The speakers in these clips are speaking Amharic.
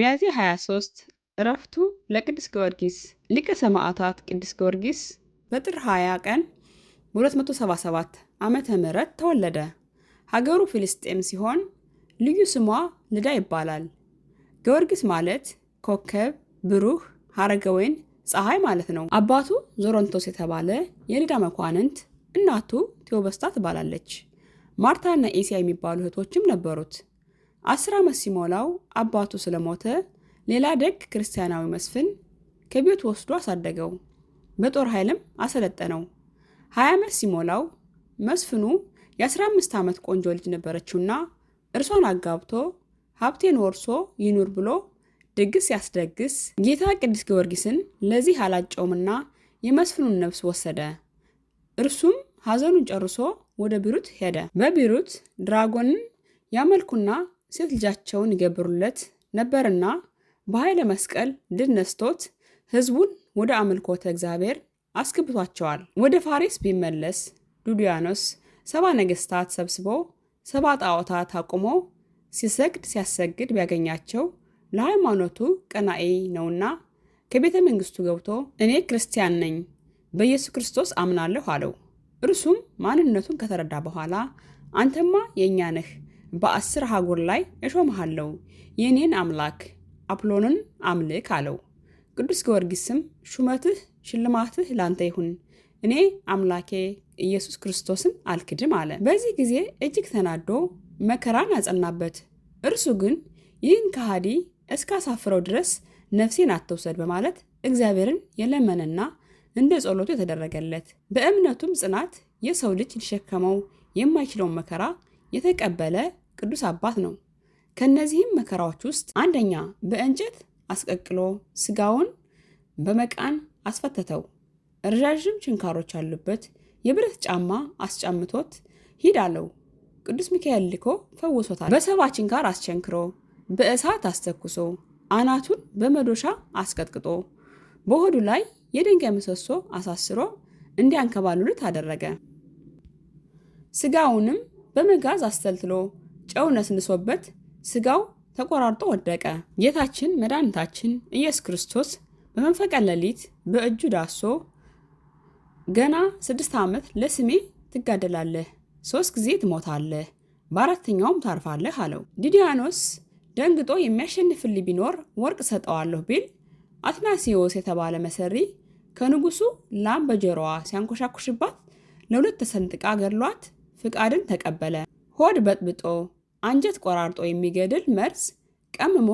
ሚያዝያ 23 እረፍቱ ለቅዱስ ጊዮርጊስ ሊቀ ሰማዕታት ቅዱስ ጊዮርጊስ በጥር 20 ቀን 277 ዓመተ ምህረት ተወለደ። ሀገሩ ፊልስጤም ሲሆን ልዩ ስሟ ልዳ ይባላል። ጊዮርጊስ ማለት ኮከብ፣ ብሩህ፣ ሀረገ ወይን፣ ፀሐይ ማለት ነው። አባቱ ዞሮንቶስ የተባለ የልዳ መኳንንት፣ እናቱ ቴዎበስታ ትባላለች። ማርታና ኤሲያ የሚባሉ እህቶችም ነበሩት። አስር ዓመት ሲሞላው አባቱ ስለሞተ ሌላ ደግ ክርስቲያናዊ መስፍን ከቤት ወስዶ አሳደገው፣ በጦር ኃይልም አሰለጠነው። ሀያ ዓመት ሲሞላው መስፍኑ የአስራ አምስት ዓመት ቆንጆ ልጅ ነበረችውና እርሷን አጋብቶ ሀብቴን ወርሶ ይኑር ብሎ ድግስ ያስደግስ ጌታ ቅዱስ ጊዮርጊስን ለዚህ አላጨውምና የመስፍኑን ነፍስ ወሰደ። እርሱም ሐዘኑን ጨርሶ ወደ ቢሩት ሄደ። በቢሩት ድራጎንን ያመልኩና ሴት ልጃቸውን ይገብሩለት ነበርና በኃይለ መስቀል ድል ነስቶት ወደ አምልኮተ እግዚአብሔር አስገብቷቸዋል። ወደ ፋሪስ ቢመለስ ዱዲያኖስ ሰባ ነገስታት ሰብስቦ ሰባ ጣዖታት አቁሞ ሲሰግድ ሲያሰግድ ቢያገኛቸው ለሃይማኖቱ ቀናኤ ነውና ከቤተ መንግስቱ ገብቶ እኔ ክርስቲያን ነኝ፣ በኢየሱስ ክርስቶስ አምናለሁ አለው። እርሱም ማንነቱን ከተረዳ በኋላ አንተማ የእኛ ነህ በአስር ሀጎር ላይ እሾምሃለሁ የኔን አምላክ አፕሎንን አምልክ አለው። ቅዱስ ጊዮርጊስም ሹመትህ ሽልማትህ ላንተ ይሁን እኔ አምላኬ ኢየሱስ ክርስቶስን አልክድም አለ። በዚህ ጊዜ እጅግ ተናዶ መከራን አጸናበት። እርሱ ግን ይህን ከሃዲ እስካሳፍረው ድረስ ነፍሴን አትውሰድ በማለት እግዚአብሔርን የለመነና እንደ ጸሎቱ የተደረገለት በእምነቱም ጽናት የሰው ልጅ ሊሸከመው የማይችለውን መከራ የተቀበለ ቅዱስ አባት ነው። ከእነዚህም መከራዎች ውስጥ አንደኛ በእንጨት አስቀቅሎ ስጋውን በመቃን አስፈተተው። ረዣዥም ችንካሮች ያሉበት የብረት ጫማ አስጫምቶት ሂድ አለው። ቅዱስ ሚካኤል ልኮ ፈውሶታል። በሰባ ችንካር አስቸንክሮ በእሳት አስተኩሶ አናቱን በመዶሻ አስቀጥቅጦ በሆዱ ላይ የድንጋይ ምሰሶ አሳስሮ እንዲያንከባልሉት አደረገ። ስጋውንም በመጋዝ አስተልትሎ ጨው ነስንሶበት ስጋው ተቆራርጦ ወደቀ። ጌታችን መድኃኒታችን ኢየሱስ ክርስቶስ በመንፈቀ ሌሊት በእጁ ዳሶ ገና ስድስት ዓመት ለስሜ ትጋደላለህ፣ ሶስት ጊዜ ትሞታለህ፣ በአራተኛውም ታርፋለህ አለው። ዲዲያኖስ ደንግጦ የሚያሸንፍልኝ ቢኖር ወርቅ ሰጠዋለሁ ቢል አትናሲዎስ የተባለ መሰሪ ከንጉሱ ላም በጆሮዋ ሲያንኮሻኩሽባት ለሁለት ተሰንጥቃ ገድሏት ፍቃድን ተቀበለ። ሆድ በጥብጦ አንጀት ቆራርጦ የሚገድል መርዝ ቀምሞ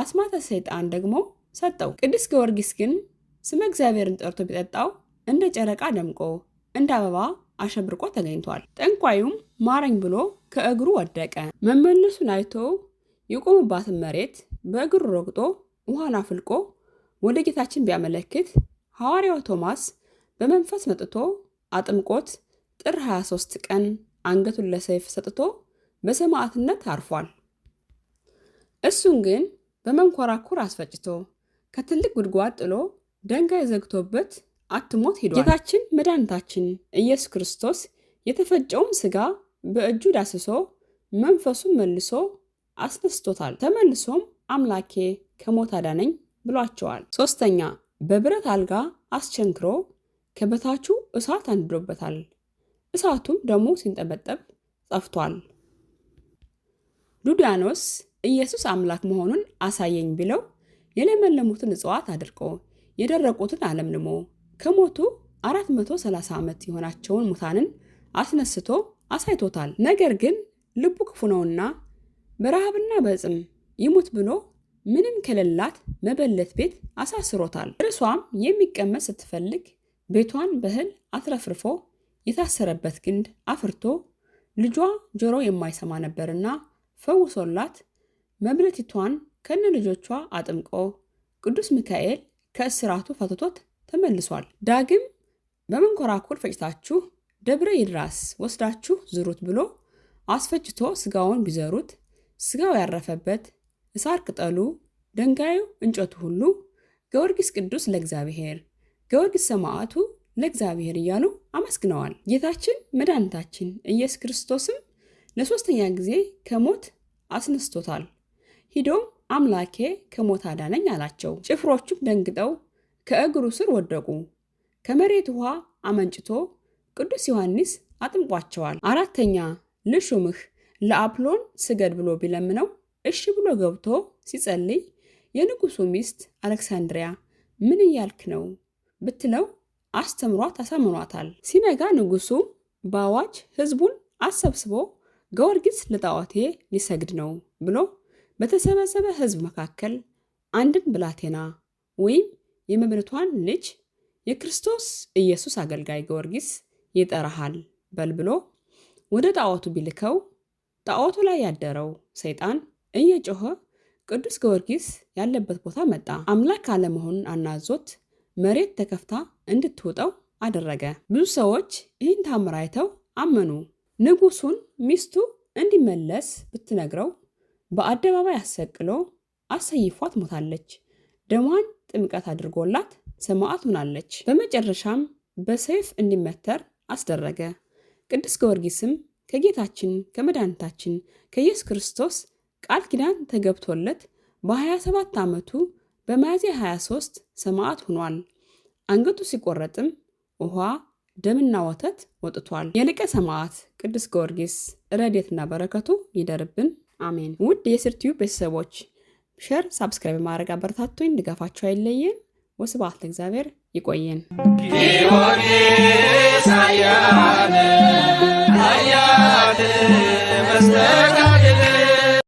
አስማተ ሰይጣን ደግሞ ሰጠው። ቅዱስ ጊዮርጊስ ግን ስመ እግዚአብሔርን ጠርቶ ቢጠጣው እንደ ጨረቃ ደምቆ እንደ አበባ አሸብርቆ ተገኝቷል። ጠንቋዩም ማረኝ ብሎ ከእግሩ ወደቀ። መመለሱን አይቶ የቆሙባትን መሬት በእግሩ ረግጦ ውሃን አፍልቆ ወደ ጌታችን ቢያመለክት ሐዋርያው ቶማስ በመንፈስ መጥቶ አጥምቆት ጥር 23 ቀን አንገቱን ለሰይፍ ሰጥቶ በሰማዕትነት አርፏል። እሱን ግን በመንኮራኩር አስፈጭቶ ከትልቅ ጉድጓድ ጥሎ ደንጋይ ዘግቶበት አትሞት ሄዷል። ጌታችን መድኃኒታችን ኢየሱስ ክርስቶስ የተፈጨውም ሥጋ በእጁ ዳስሶ መንፈሱን መልሶ አስነስቶታል። ተመልሶም አምላኬ ከሞት አዳነኝ ብሏቸዋል። ሶስተኛ በብረት አልጋ አስቸንክሮ ከበታቹ እሳት አንድዶበታል። እሳቱም ደግሞ ሲንጠበጠብ ጠፍቷል። ዱዲያኖስ ኢየሱስ አምላክ መሆኑን አሳየኝ ብለው የለመለሙትን እጽዋት አድርቆ የደረቁትን አለምልሞ ከሞቱ 430 ዓመት የሆናቸውን ሙታንን አስነስቶ አሳይቶታል። ነገር ግን ልቡ ክፉ ነውና በረሃብና በጽም ይሙት ብሎ ምንም ከሌላት መበለት ቤት አሳስሮታል። እርሷም የሚቀመስ ስትፈልግ ቤቷን በእህል አትረፍርፎ የታሰረበት ግንድ አፍርቶ ልጇ ጆሮ የማይሰማ ነበርና ፈውሶላት መብለቲቷን ከነ ልጆቿ አጥምቆ ቅዱስ ሚካኤል ከእስራቱ ፈትቶት ተመልሷል። ዳግም በመንኮራኩር ፈጭታችሁ ደብረ ይድራስ ወስዳችሁ ዝሩት ብሎ አስፈጭቶ ስጋውን ቢዘሩት ስጋው ያረፈበት እሳር ቅጠሉ፣ ድንጋዩ፣ እንጨቱ ሁሉ ጊዮርጊስ ቅዱስ ለእግዚአብሔር ጊዮርጊስ ሰማዕቱ ለእግዚአብሔር እያሉ አመስግነዋል። ጌታችን መድኃኒታችን ኢየሱስ ክርስቶስም ለሶስተኛ ጊዜ ከሞት አስነስቶታል። ሂዶም አምላኬ ከሞት አዳነኝ አላቸው። ጭፍሮቹም ደንግጠው ከእግሩ ስር ወደቁ። ከመሬት ውሃ አመንጭቶ ቅዱስ ዮሐንስ አጥምቋቸዋል። አራተኛ ልሹምህ ለአፕሎን ስገድ ብሎ ቢለምነው እሺ ብሎ ገብቶ ሲጸልይ የንጉሱ ሚስት አሌክሳንድሪያ ምን እያልክ ነው ብትለው አስተምሯት አሳምኗታል። ሲነጋ ንጉሱ በአዋጅ ህዝቡን አሰብስቦ ገወርጊስ ለጣዖቴ ሊሰግድ ነው ብሎ በተሰበሰበ ህዝብ መካከል አንድን ብላቴና ወይም የመብረቷን ልጅ የክርስቶስ ኢየሱስ አገልጋይ ገወርጊስ ይጠራሃል በል ብሎ ወደ ጣዖቱ ቢልከው ጣዖቱ ላይ ያደረው ሰይጣን እየጮኸ ቅዱስ ጊዮርጊስ ያለበት ቦታ መጣ። አምላክ አለመሆኑን አናዞት መሬት ተከፍታ እንድትውጠው አደረገ። ብዙ ሰዎች ይህን ታምር አይተው አመኑ። ንጉሱን ሚስቱ እንዲመለስ ብትነግረው በአደባባይ አሰቅሎ አሰይፏት ሞታለች። ደሟን ጥምቀት አድርጎላት ሰማዕት ሆናለች። በመጨረሻም በሰይፍ እንዲመተር አስደረገ። ቅዱስ ጊዮርጊስም ከጌታችን ከመድኃኒታችን ከኢየሱስ ክርስቶስ ቃል ኪዳን ተገብቶለት በ27 ዓመቱ በሚያዝያ 23 ሰማዕት ሆኗል። አንገቱ ሲቆረጥም ውሃ ደምና ወተት ወጥቷል። የሊቀ ሰማዕት ቅዱስ ጊዮርጊስ ረድኤትና በረከቱ ይደርብን፣ አሜን። ውድ የስርትዩ ቤተሰቦች ሸር፣ ሳብስክራይብ ማድረግ አበረታቶኝ ድጋፋቸው አይለየን። ወስብሐት ለእግዚአብሔር። ይቆየን። ጊዮርጊስ አያነ አያት